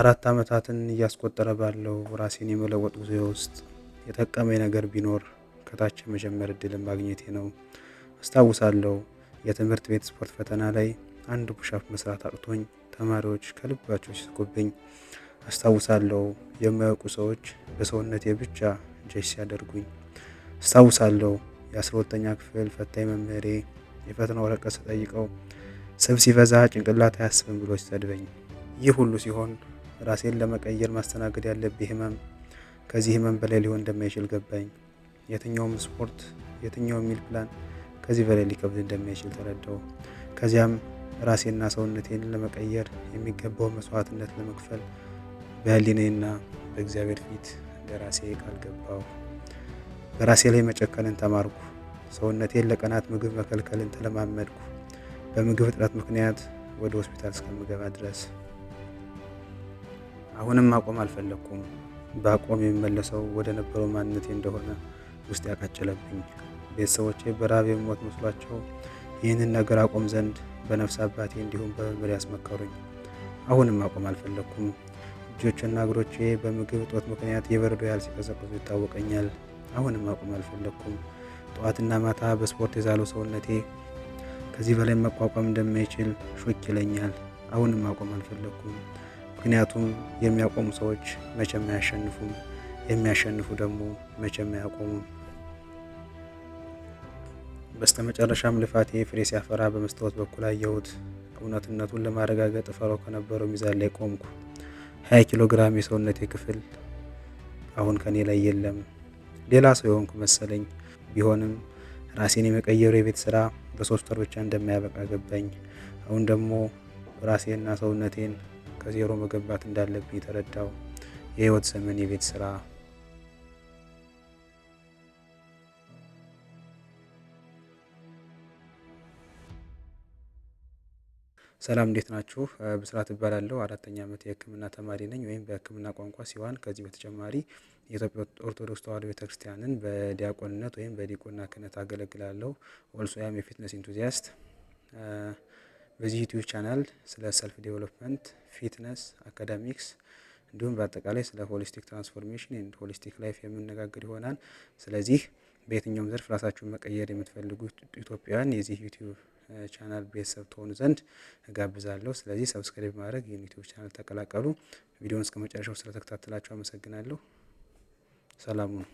አራት ዓመታትን እያስቆጠረ ባለው ራሴን የመለወጥ ጉዞ ውስጥ የጠቀመኝ ነገር ቢኖር ከታች የመጀመር እድልን ማግኘቴ ነው። አስታውሳለሁ የትምህርት ቤት ስፖርት ፈተና ላይ አንድ ፑሻፕ መስራት አቅቶኝ ተማሪዎች ከልባቸው ሲስቁብኝ። አስታውሳለሁ የማያውቁ ሰዎች በሰውነቴ ብቻ ጀጅ ሲያደርጉኝ። አስታውሳለሁ የአስራ ሁለተኛ ክፍል ፈታኝ መምህሬ የፈተና ወረቀት ስጠይቀው ስብ ሲበዛ ጭንቅላት አያስብም ብሎ ሲሰድበኝ። ይህ ሁሉ ሲሆን ራሴን ለመቀየር ማስተናገድ ያለብኝ ህመም ከዚህ ህመም በላይ ሊሆን እንደማይችል ገባኝ። የትኛውም ስፖርት፣ የትኛውም ሚል ፕላን ከዚህ በላይ ሊከብድ እንደማይችል ተረዳው። ከዚያም ራሴና ሰውነቴን ለመቀየር የሚገባው መስዋዕትነት ለመክፈል በህሊኔና በእግዚአብሔር ፊት ለራሴ ቃል ገባው። በራሴ ላይ መጨከንን ተማርኩ። ሰውነቴን ለቀናት ምግብ መከልከልን ተለማመድኩ። በምግብ እጥረት ምክንያት ወደ ሆስፒታል እስከምገባ ድረስ አሁንም ማቆም አልፈለግኩም። በአቆም የሚመለሰው ወደ ነበረው ማንነቴ እንደሆነ ውስጥ ያቃጨለብኝ። ቤተሰቦቼ በራብ የሞት መስሏቸው ይህንን ነገር አቆም ዘንድ በነፍስ አባቴ እንዲሁም በመምህር ያስመከሩኝ። አሁንም ማቆም አልፈለግኩም። እጆችና እግሮቼ በምግብ እጦት ምክንያት የበረዶ ያህል ሲቀዘቅዙ ይታወቀኛል። አሁንም ማቆም አልፈለግኩም። ጠዋትና ማታ በስፖርት የዛለው ሰውነቴ ከዚህ በላይ መቋቋም እንደማይችል ሾክ ይለኛል። አሁንም ማቆም አልፈለግኩም። ምክንያቱም የሚያቆሙ ሰዎች መቼም አያሸንፉም፣ የሚያሸንፉ ደግሞ መቼም አያቆሙም። በስተመጨረሻም ልፋቴ ፍሬ ሲያፈራ በመስታወት በኩል አየሁት። እውነትነቱን ለማረጋገጥ እፈራው ከነበረው ሚዛን ላይ ቆምኩ። ሀያ ኪሎ ግራም የሰውነቴ ክፍል አሁን ከኔ ላይ የለም። ሌላ ሰው የሆንኩ መሰለኝ። ቢሆንም ራሴን የመቀየሩ የቤት ስራ በሶስት ወር ብቻ እንደማያበቃ ገባኝ። አሁን ደግሞ ራሴና ሰውነቴን ከዜሮ መገንባት እንዳለብኝ የተረዳው የህይወት ዘመን የቤት ስራ ሰላም እንዴት ናችሁ? ብስራት እባላለሁ። አራተኛ ዓመት የህክምና ተማሪ ነኝ ወይም በህክምና ቋንቋ ሲዋን። ከዚህ በተጨማሪ የኢትዮጵያ ኦርቶዶክስ ተዋሕዶ ቤተክርስቲያንን በዲያቆንነት ወይም በዲቁና ክህነት አገለግላለሁ። ወልሶያም የፊትነስ ኢንቱዚያስት በዚህ ዩቲዩብ ቻናል ስለ ሰልፍ ዴቨሎፕመንት፣ ፊትነስ፣ አካዳሚክስ እንዲሁም በአጠቃላይ ስለ ሆሊስቲክ ትራንስፎርሜሽን ኤንድ ሆሊስቲክ ላይፍ የምነጋገር ይሆናል። ስለዚህ በየትኛውም ዘርፍ ራሳችሁን መቀየር የምትፈልጉ ኢትዮጵያውያን የዚህ ዩቲዩብ ቻናል ቤተሰብ ትሆኑ ዘንድ እጋብዛለሁ። ስለዚህ ሰብስክሪብ ማድረግ ይህን ዩቲዩብ ቻናል ተቀላቀሉ። ቪዲዮውን እስከ መጨረሻው ስለተከታተላችሁ አመሰግናለሁ። ሰላሙ ነው።